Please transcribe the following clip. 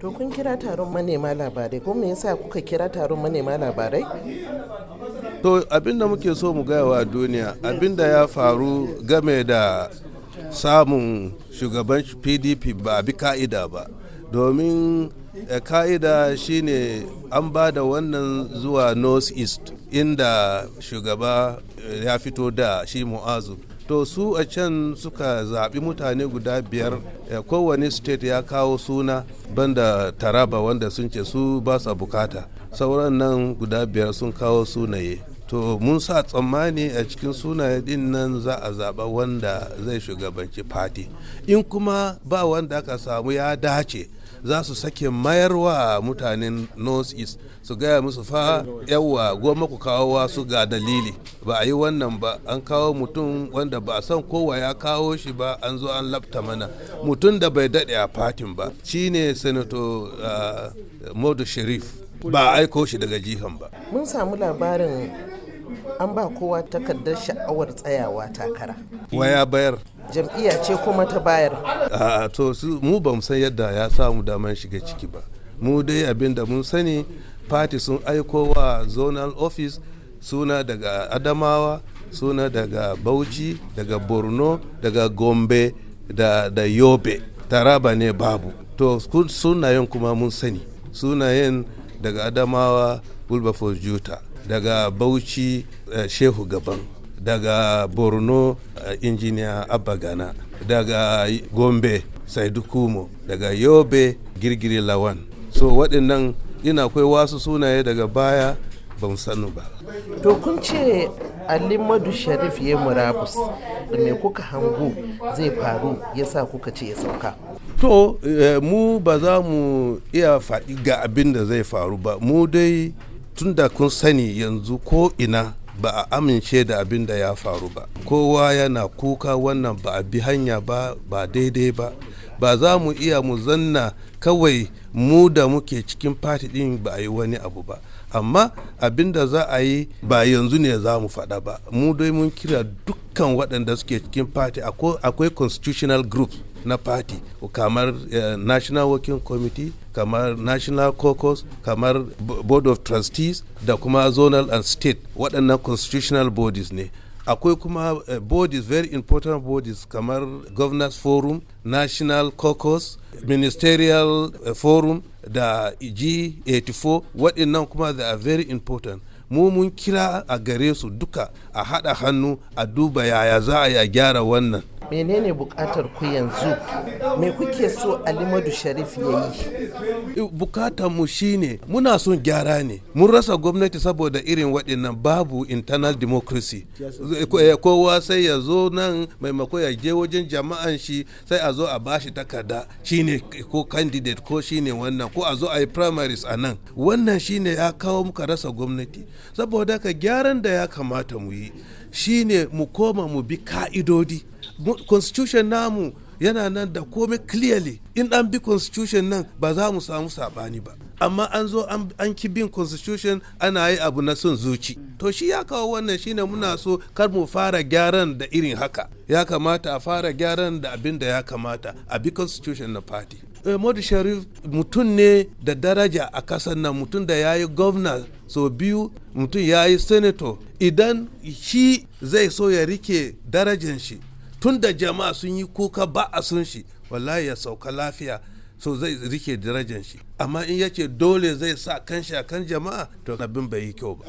to kun kira taron manema labarai ko me yasa kuka kira taron manema labarai to abinda muke so mu gaya wa duniya abinda ya faru game da samun shugaban pdp ba bi ka'ida ba domin eh, ka'ida shine an ba da wannan zuwa north east inda shugaba eh, ya fito da shi mu'azu to su a can suka zaɓi mutane guda biyar eh, kowane state ya kawo suna banda taraba wanda sun ce su ba sa bukata sauran nan guda biyar sun kawo sunaye to mun sa tsammani a cikin sunaye din nan za a zaɓa wanda zai shugabanci fati in kuma ba wanda aka samu ya dace za su sake mayarwa mutanen north east su gaya musu fa yawa goma ku kawo wasu ga dalili ba a yi wannan ba an kawo mutum wanda ba a san kowa ya kawo shi ba an zo an labta mana mutum da bai daɗe a fatin ba shi ne senator uh, modu sharif ba aiko shi daga jihan ba mun samu labarin an ba kowa takardar sha'awar tsayawa takara waya bayar jam'iyya ce kuma ta bayar a to su mu ba mu san yadda ya samu damar shiga ciki ba mu dai abin da mun sani party sun aiko wa zonal office suna daga adamawa suna daga bauchi daga borno daga gombe da, da yobe taraba ne babu to sunayen kuma mun sani sunayen daga adamawa wilberforce juta daga bauchi eh, shehu gaban daga borno eh, injiniya abba gana daga gombe saidukumo daga yobe girgiri lawan so waɗannan ina akwai wasu sunaye daga baya ban sanu ba to kun ce alimadu sharif ya murabus da mai kuka hango zai faru ya sa kuka ce ya sauka to eh, mu ba za mu iya faɗi ga abin da zai faru ba mu dai tun da kun sani yanzu ko ina ba a amince da abin da ya faru ba kowa yana kuka wannan ba a bi hanya ba ba daidai ba ba za mu iya mu zanna kawai mu da muke cikin fati din ba a yi wani abu ba amma abin da za a yi ba yanzu ne za mu faɗa ba mu dai mun kira dukkan waɗanda suke cikin fati akwai constitutional group na party kamar uh, national working committee kamar national caucus kamar board of trustees da kuma zonal and state waɗannan constitutional bodies ne akwai kuma uh, bodies very important bodies kamar governors forum national caucus ministerial uh, forum da g84 waɗannan kuma they are very important mu mun kira a gare su duka a haɗa hannu a duba yaya za a ya gyara wannan menene bukatar ku yanzu me kuke so alimadu sharif ya yi bukatar mu shine muna son gyara ne mun rasa gwamnati saboda irin waɗannan babu internal democracy eh, kowa sai ya zo nan maimako ya je wajen jama'an shi sai a zo a bashi takarda shine ko candidate ko shine wannan ko a zo a yi primaries a nan wannan shine ya kawo muka rasa gwamnati saboda ka gyaran da ya kamata mu yi shine mu koma mu bi ka'idodi constitution namu yana nan da komai clearly in an bi constitution nan ba za mu samu sabani ba amma an zo an ki bin constitution ana yi abu na son zuci to shi ya kawo wannan shine muna so kar mu fara gyaran da irin haka ya kamata a fara gyaran da abin da ya kamata a bi constitution na party Eh, Modi Sharif mutum ne da daraja a kasar nan mutum da ya yi gwamna so biyu mutum ya yi senator idan shi zai so ya rike darajan shi tun da jama'a sun yi kuka ba a sun shi wallahi ya sauka lafiya so zai rike darajan shi amma in yace dole zai sa kan shi kan jama'a to abin bai yi kyau ba